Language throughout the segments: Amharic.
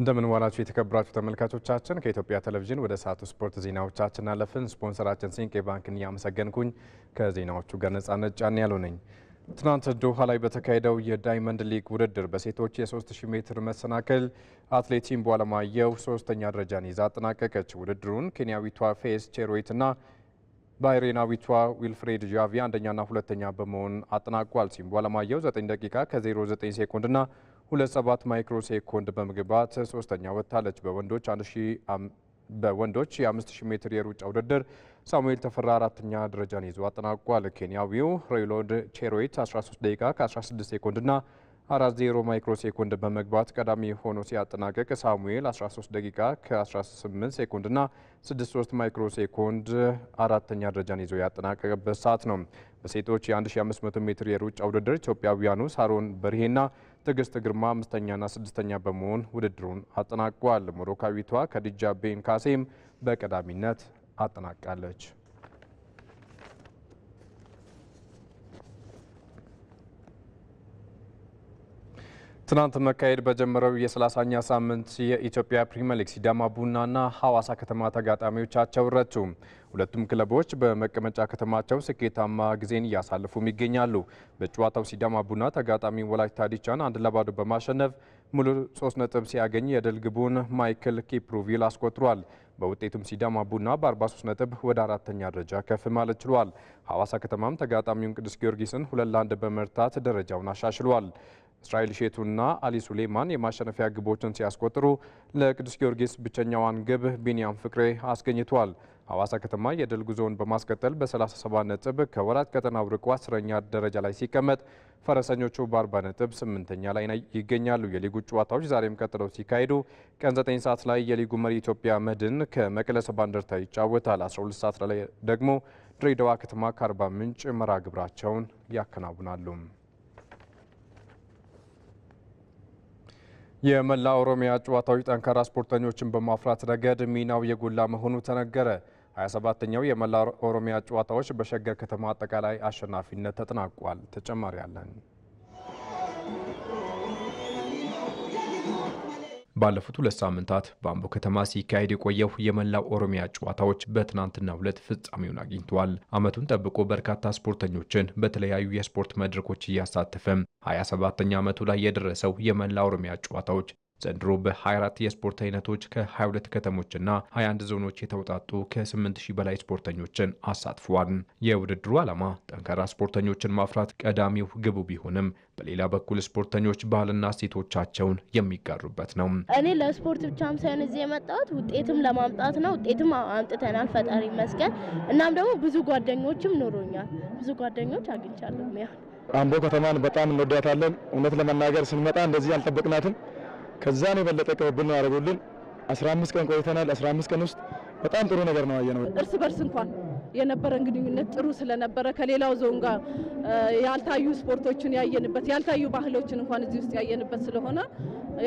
እንደምን ዋላችሁ የተከበራችሁ ተመልካቾቻችን፣ ከኢትዮጵያ ቴሌቪዥን ወደ ሰዓቱ ስፖርት ዜናዎቻችን አለፍን። ስፖንሰራችን ሲንቄ ባንክን እያመሰገንኩኝ ከዜናዎቹ ጋር ነጻነት ጫን ያሉ ነኝ። ትናንት ዶሃ ላይ በተካሄደው የዳይመንድ ሊግ ውድድር በሴቶች የ3000 ሜትር መሰናክል አትሌት ቲምቦ አለማየሁ ሶስተኛ ደረጃን ይዛ አጠናቀቀች። ውድድሩን ኬንያዊቷ ፌስ ቼሮይትና ባይሬናዊቷ ዊልፍሬድ ዣቪ አንደኛና ሁለተኛ በመሆን አጠናቋል። ቲምቦ አለማየሁ 9 ደቂቃ ከ09 ሴኮንድና 27 ማይክሮ ሴኮንድ በመግባት ሶስተኛ ወጥታለች። በወንዶች በወንዶች የ5000 ሜትር የሩጫ ውድድር ሳሙኤል ተፈራ አራተኛ ደረጃን ይዞ አጠናቋል። ኬንያዊው ሬይሎድ ቼሮይት 13 ደቂቃ ከ16 ሴኮንድና 40 ማይክሮ ሴኮንድ በመግባት ቀዳሚ ሆኖ ሲያጠናቀቅ ሳሙኤል 13 ደቂቃ ከ18 ሴኮንድና 63 ማይክሮ ሴኮንድ አራተኛ ደረጃን ይዞ ያጠናቀቀበት ሰዓት ነው። በሴቶች የ1500 ሜትር የሩጫ ውድድር ኢትዮጵያውያኑ ሳሮን በርሄና ትዕግስት ግርማ አምስተኛና ስድስተኛ በመሆን ውድድሩን አጠናቋል። ሞሮካዊቷ ከዲጃ ቤንካሴም በቀዳሚነት አጠናቃለች። ትናንት መካሄድ በጀመረው የ30ኛ ሳምንት የኢትዮጵያ ፕሪሚየር ሊግ ሲዳማ ቡናና ሐዋሳ ከተማ ተጋጣሚዎቻቸው ረቱ። ሁለቱም ክለቦች በመቀመጫ ከተማቸው ስኬታማ ጊዜን እያሳለፉም ይገኛሉ። በጨዋታው ሲዳማ ቡና ተጋጣሚ ወላይታ ዲቻን አንድ ለባዶ በማሸነፍ ሙሉ 3 ነጥብ ሲያገኝ የድል ግቡን ማይክል ኪፕሩቪል አስቆጥሯል። በውጤቱም ሲዳማ ቡና በ43 ነጥብ ወደ አራተኛ ደረጃ ከፍ ማለት ችሏል። ሐዋሳ ከተማም ተጋጣሚውን ቅዱስ ጊዮርጊስን ሁለት ለአንድ በመርታት ደረጃውን አሻሽሏል። እስራኤል ሼቱና አሊ ሱሌማን የማሸነፊያ ግቦችን ሲያስቆጥሩ ለቅዱስ ጊዮርጊስ ብቸኛዋን ግብ ቢንያም ፍቅሬ አስገኝቷል። ሐዋሳ ከተማ የድል ጉዞውን በማስቀጠል በ37 ነጥብ ከወራት ቀጠናው ርቆ አስረኛ ደረጃ ላይ ሲቀመጥ ፈረሰኞቹ በ40 ነጥብ ስምንተኛ ላይ ይገኛሉ። የሊጉ ጨዋታዎች ዛሬም ቀጥለው ሲካሄዱ ቀን 9 ሰዓት ላይ የሊጉ መሪ ኢትዮጵያ መድን ከመቀለ ሰባ እንደርታ ይጫወታል። 12 ሰዓት ላይ ደግሞ ድሬዳዋ ከተማ ከአርባ ምንጭ መራ ግብራቸውን ያከናውናሉ። የመላ ኦሮሚያ ጨዋታዎች ጠንካራ ስፖርተኞችን በማፍራት ረገድ ሚናው የጎላ መሆኑ ተነገረ። 27ኛው የመላ ኦሮሚያ ጨዋታዎች በሸገር ከተማ አጠቃላይ አሸናፊነት ተጠናቋል። ተጨማሪ አለን። ባለፉት ሁለት ሳምንታት በአምቦ ከተማ ሲካሄድ የቆየው የመላው ኦሮሚያ ጨዋታዎች በትናንትናው ዕለት ፍጻሜውን አግኝተዋል። ዓመቱን ጠብቆ በርካታ ስፖርተኞችን በተለያዩ የስፖርት መድረኮች እያሳተፈ 27ኛ ዓመቱ ላይ የደረሰው የመላ ኦሮሚያ ጨዋታዎች ዘንድሮ በ24 የስፖርት አይነቶች ከ22 ከተሞችና 21 ዞኖች የተውጣጡ ከ8000 በላይ ስፖርተኞችን አሳትፈዋል። የውድድሩ ዓላማ ጠንካራ ስፖርተኞችን ማፍራት ቀዳሚው ግቡ ቢሆንም በሌላ በኩል ስፖርተኞች ባህልና እሴቶቻቸውን የሚጋሩበት ነው። እኔ ለስፖርት ብቻም ሳይሆን እዚህ የመጣሁት ውጤትም ለማምጣት ነው። ውጤትም አምጥተናል፣ ፈጣሪ ይመስገን። እናም ደግሞ ብዙ ጓደኞችም ኖሮኛል፣ ብዙ ጓደኞች አግኝቻለሁ። አምቦ ከተማን በጣም እንወዳታለን። እውነት ለመናገር ስንመጣ እንደዚህ አልጠበቅናትም። ከዛ ነው የበለጠ ቅብብል አደረጉልን። 15 ቀን ቆይተናል። 15 ቀን ውስጥ በጣም ጥሩ ነገር ነው ያየነው። እርስ በርስ እንኳን የነበረን ግንኙነት ጥሩ ስለነበረ ከሌላው ዞን ጋር ያልታዩ ስፖርቶችን ያየንበት ያልታዩ ባህሎችን እንኳን እዚህ ውስጥ ያየንበት ስለሆነ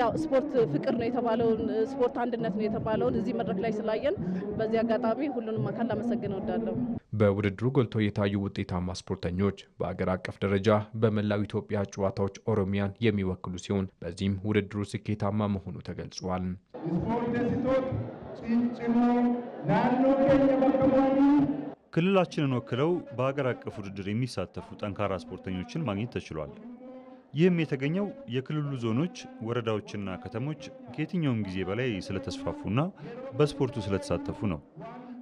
ያው ስፖርት ፍቅር ነው የተባለውን ስፖርት አንድነት ነው የተባለውን እዚህ መድረክ ላይ ስላየን በዚህ አጋጣሚ ሁሉንም አካል ላመሰግን እወዳለሁ። በውድድሩ ጎልተው የታዩ ውጤታማ ስፖርተኞች በአገር አቀፍ ደረጃ በመላው ኢትዮጵያ ጨዋታዎች ኦሮሚያን የሚወክሉ ሲሆን በዚህም ውድድሩ ስኬታማ መሆኑ ተገልጿል። ክልላችንን ወክለው በአገር አቀፍ ውድድር የሚሳተፉ ጠንካራ ስፖርተኞችን ማግኘት ተችሏል። ይህም የተገኘው የክልሉ ዞኖች፣ ወረዳዎችና ከተሞች ከየትኛውም ጊዜ በላይ ስለተስፋፉና በስፖርቱ ስለተሳተፉ ነው።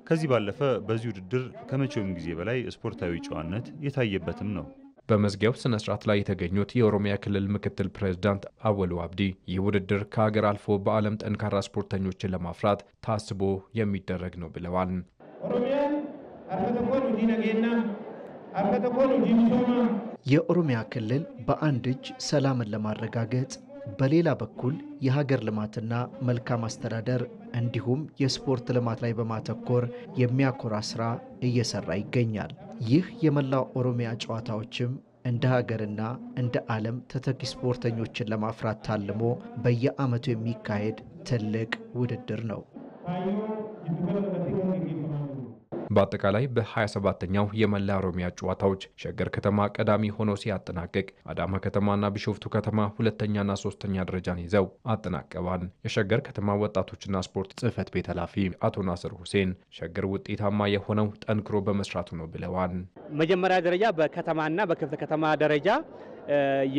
ከዚህ ባለፈ በዚህ ውድድር ከመቼውም ጊዜ በላይ ስፖርታዊ ጨዋነት የታየበትም ነው። በመዝጊያው ስነ ስርዓት ላይ የተገኙት የኦሮሚያ ክልል ምክትል ፕሬዝዳንት አወሉ አብዲ ይህ ውድድር ከሀገር አልፎ በዓለም ጠንካራ ስፖርተኞችን ለማፍራት ታስቦ የሚደረግ ነው ብለዋል። የኦሮሚያ ክልል በአንድ እጅ ሰላምን ለማረጋገጥ በሌላ በኩል የሀገር ልማትና መልካም አስተዳደር እንዲሁም የስፖርት ልማት ላይ በማተኮር የሚያኮራ ስራ እየሰራ ይገኛል። ይህ የመላው ኦሮሚያ ጨዋታዎችም እንደ ሀገርና እንደ ዓለም ተተኪ ስፖርተኞችን ለማፍራት ታልሞ በየዓመቱ የሚካሄድ ትልቅ ውድድር ነው። በአጠቃላይ በ27ኛው የመላ ኦሮሚያ ጨዋታዎች ሸገር ከተማ ቀዳሚ ሆኖ ሲያጠናቅቅ አዳማ ከተማና ቢሾፍቱ ከተማ ሁለተኛና ሶስተኛ ደረጃን ይዘው አጠናቀዋል። የሸገር ከተማ ወጣቶችና ስፖርት ጽህፈት ቤት ኃላፊ አቶ ናስር ሁሴን ሸገር ውጤታማ የሆነው ጠንክሮ በመስራቱ ነው ብለዋል። መጀመሪያ ደረጃ በከተማና በክፍለ ከተማ ደረጃ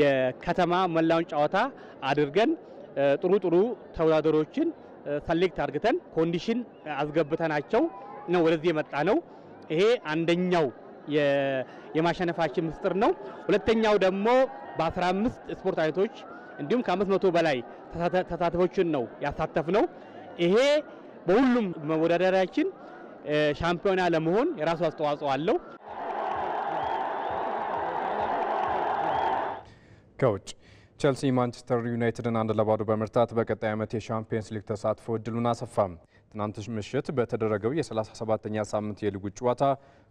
የከተማ መላውን ጨዋታ አድርገን ጥሩ ጥሩ ተወዳደሮችን ሰሌክት አድርገን ኮንዲሽን አስገብተናቸው ነው ወደዚህ የመጣ ነው። ይሄ አንደኛው የማሸነፋችን ምስጢር ነው። ሁለተኛው ደግሞ በ15 ስፖርት አይነቶች እንዲሁም ከ500 በላይ ተሳታፊዎችን ነው ያሳተፍ ነው። ይሄ በሁሉም መወዳደሪያችን ሻምፒዮና ለመሆን የራሱ አስተዋጽኦ አለው። ከውጭ ቸልሲ ማንቸስተር ዩናይትድን አንድ ለባዶ በመርታት በቀጣይ ዓመት የሻምፒየንስ ሊግ ተሳትፎ እድሉን አሰፋም። ትናንት ምሽት በተደረገው የ37ኛ ሳምንት የሊጉ ጨዋታ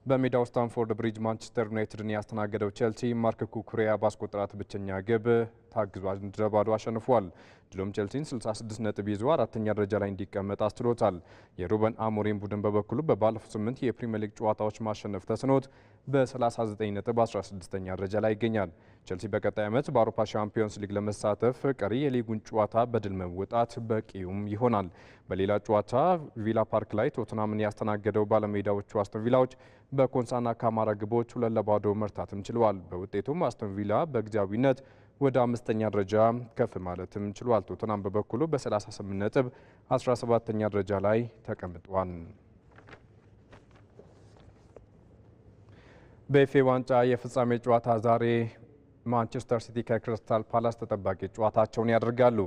በሜዳው ስታንፎርድ ብሪጅ ማንቸስተር ዩናይትድን ያስተናገደው ቼልሲ ማርክ ኩኩሪያ ባስቆጠራት ብቸኛ ግብ ታግዞ አንድ ለባዶ አሸንፏል። ድሎም ቼልሲን 66 ነጥብ ይዞ አራተኛ ደረጃ ላይ እንዲቀመጥ አስችሎታል። የሩበን አሞሪም ቡድን በበኩሉ በባለፉት ስምንት የፕሪሚየር ሊግ ጨዋታዎች ማሸነፍ ተስኖት በ39 ነጥብ 16ኛ ደረጃ ላይ ይገኛል። ቼልሲ በቀጣይ ዓመት በአውሮፓ ሻምፒዮንስ ሊግ ለመሳተፍ ቀሪ የሊጉን ጨዋታ በድል መወጣት በቂውም ይሆናል። በሌላ ጨዋታ ቪላ ፓርክ ላይ ቶትናምን ያስተናገደው ባለሜዳዎቹ አስቶን ቪላዎች በኮንሳና ካማራ ግቦች ሁለት ለባዶ መርታትም ችለዋል። በውጤቱም አስቶን ቪላ በጊዜያዊነት ወደ አምስተኛ ደረጃ ከፍ ማለትም ችሏል። ቶትናም በበኩሉ በ38 ነጥብ 17ኛ ደረጃ ላይ ተቀምጧል። በኤፌ ዋንጫ የፍጻሜ ጨዋታ ዛሬ ማንቸስተር ሲቲ ከክሪስታል ፓላስ ተጠባቂ ጨዋታቸውን ያደርጋሉ።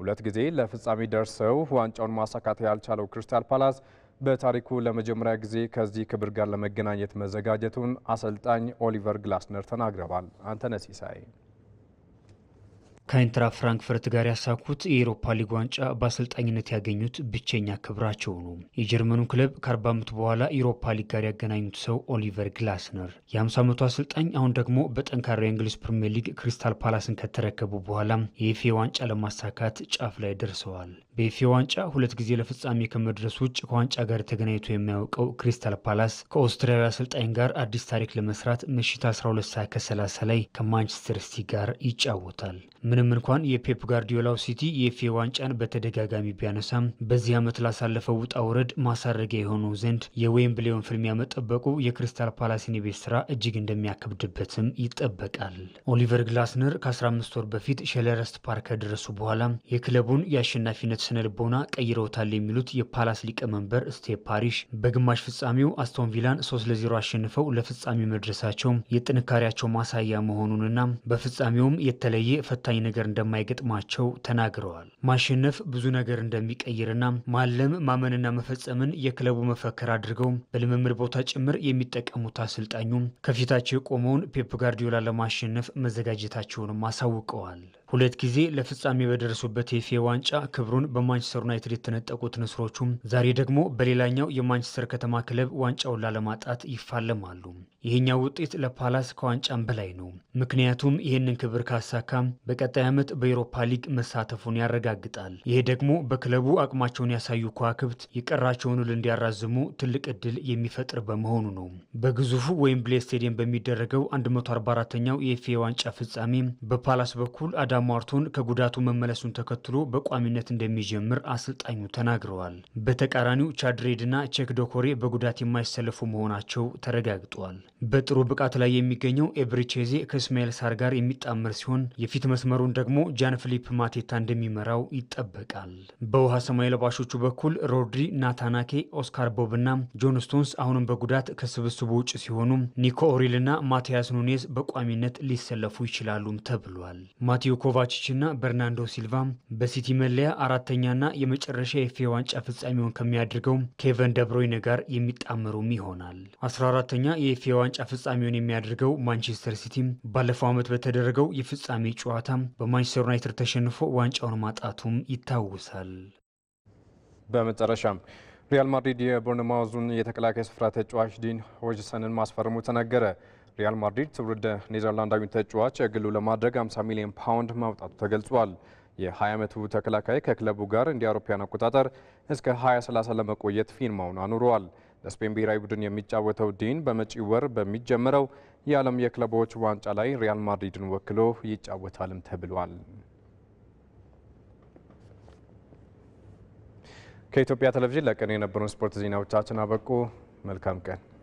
ሁለት ጊዜ ለፍጻሜ ደርሰው ዋንጫውን ማሳካት ያልቻለው ክሪስታል ፓላስ በታሪኩ ለመጀመሪያ ጊዜ ከዚህ ክብር ጋር ለመገናኘት መዘጋጀቱን አሰልጣኝ ኦሊቨር ግላስነር ተናግረዋል። አንተነህ ሲሳይ ከኢንትራ ፍራንክፈርት ጋር ያሳኩት የኤሮፓ ሊግ ዋንጫ በአሰልጣኝነት ያገኙት ብቸኛ ክብራቸው ነው። የጀርመኑ ክለብ ከ40 ዓመቱ በኋላ ኤሮፓ ሊግ ጋር ያገናኙት ሰው ኦሊቨር ግላስነር የ50 ዓመቱ አሰልጣኝ አሁን ደግሞ በጠንካራ የእንግሊዝ ፕሪምየር ሊግ ክሪስታል ፓላስን ከተረከቡ በኋላ የኤፌ ዋንጫ ለማሳካት ጫፍ ላይ ደርሰዋል። በኤፍኤ ዋንጫ ሁለት ጊዜ ለፍጻሜ ከመድረስ ውጭ ከዋንጫ ጋር ተገናኝቶ የሚያውቀው ክሪስታል ፓላስ ከኦስትሪያዊ አሰልጣኝ ጋር አዲስ ታሪክ ለመስራት ምሽት 12 ሰዓት ከ30 ላይ ከማንቸስተር ሲቲ ጋር ይጫወታል። ምንም እንኳን የፔፕ ጋርዲዮላው ሲቲ የኤፍኤ ዋንጫን በተደጋጋሚ ቢያነሳም በዚህ ዓመት ላሳለፈው ውጣ ውረድ ማሳረጊያ የሆነው ዘንድ የዌምብሌውን ፍልሚያ መጠበቁ የክሪስታል ፓላስን የቤት ስራ እጅግ እንደሚያከብድበትም ይጠበቃል። ኦሊቨር ግላስነር ከ15 ወር በፊት ሸለረስት ፓርክ ከደረሱ በኋላ የክለቡን የአሸናፊነት ስነልቦና ቀይረውታል የሚሉት የፓላስ ሊቀመንበር ስቴፕ ፓሪሽ በግማሽ ፍጻሜው አስቶን ቪላን ሶስት ለዜሮ አሸንፈው ለፍጻሜ መድረሳቸው የጥንካሬያቸው ማሳያ መሆኑንና በፍጻሜውም የተለየ ፈታኝ ነገር እንደማይገጥማቸው ተናግረዋል። ማሸነፍ ብዙ ነገር እንደሚቀይርና ማለም ማመንና መፈጸምን የክለቡ መፈክር አድርገው በልምምድ ቦታ ጭምር የሚጠቀሙት አሰልጣኙ ከፊታቸው የቆመውን ፔፕ ጋርዲዮላ ለማሸነፍ መዘጋጀታቸውንም አሳውቀዋል። ሁለት ጊዜ ለፍጻሜ በደረሱበት የፌ ዋንጫ ክብሩን በማንቸስተር ዩናይትድ የተነጠቁት ንስሮቹም ዛሬ ደግሞ በሌላኛው የማንቸስተር ከተማ ክለብ ዋንጫውን ላለማጣት ይፋለማሉ። ይህኛው ውጤት ለፓላስ ከዋንጫም በላይ ነው። ምክንያቱም ይህንን ክብር ካሳካም በቀጣይ ዓመት በኤሮፓ ሊግ መሳተፉን ያረጋግጣል። ይሄ ደግሞ በክለቡ አቅማቸውን ያሳዩ ከዋክብት የቀራቸውን ውል እንዲያራዝሙ ትልቅ እድል የሚፈጥር በመሆኑ ነው። በግዙፉ ዌምብሌ ስቴዲየም በሚደረገው 144ኛው የኤፍኤ ዋንጫ ፍጻሜ በፓላስ በኩል አዳም ዋርቶን ከጉዳቱ መመለሱን ተከትሎ በቋሚነት እንደሚጀምር አሰልጣኙ ተናግረዋል። በተቃራኒው ቻድሬድና ቼክ ዶኮሬ በጉዳት የማይሰለፉ መሆናቸው ተረጋግጧል። በጥሩ ብቃት ላይ የሚገኘው ኤብሪቼዜ ከእስማኤል ሳር ጋር የሚጣመር ሲሆን የፊት መስመሩን ደግሞ ጃን ፊሊፕ ማቴታ እንደሚመራው ይጠበቃል። በውሃ ሰማይ ለባሾቹ በኩል ሮድሪ፣ ናታናኬ፣ ኦስካር ቦብ እና ጆን ስቶንስ አሁንም በጉዳት ከስብስቡ ውጭ ሲሆኑ ኒኮ ኦሪል እና ማቲያስ ኑኔዝ በቋሚነት ሊሰለፉ ይችላሉም ተብሏል። ማቴዮ ኮቫችች እና በርናንዶ ሲልቫ በሲቲ መለያ አራተኛና የመጨረሻ የፌ ዋንጫ ፍጻሜውን ከሚያደርገው ኬቨን ደብሮይነ ጋር የሚጣመሩም ይሆናል። አስራ አራተኛ የፌ ኤ ዋንጫ ዋንጫ ፍጻሜውን የሚያደርገው ማንቸስተር ሲቲ ባለፈው ዓመት በተደረገው የፍጻሜ ጨዋታ በማንቸስተር ዩናይትድ ተሸንፎ ዋንጫውን ማጣቱም ይታወሳል። በመጨረሻም ሪያል ማድሪድ የቦርንማውዙን የተከላካይ ስፍራ ተጫዋች ዲን ሆጅሰንን ማስፈረሙ ተነገረ። ሪያል ማድሪድ ትውልደ ኔዘርላንዳዊ ተጫዋች ግሉ ለማድረግ 50 ሚሊዮን ፓውንድ ማውጣቱ ተገልጿል። የ20 ዓመቱ ተከላካይ ከክለቡ ጋር እንደ አውሮፓውያን አቆጣጠር እስከ 2030 ለመቆየት ፊርማውን አኑረዋል። ለስፔን ብሔራዊ ቡድን የሚጫወተው ዲን በመጪ ወር በሚጀምረው የዓለም የክለቦች ዋንጫ ላይ ሪያል ማድሪድን ወክሎ ይጫወታልም ተብሏል። ከኢትዮጵያ ቴሌቪዥን ለቀን የነበሩን ስፖርት ዜናዎቻችን አበቁ። መልካም ቀን።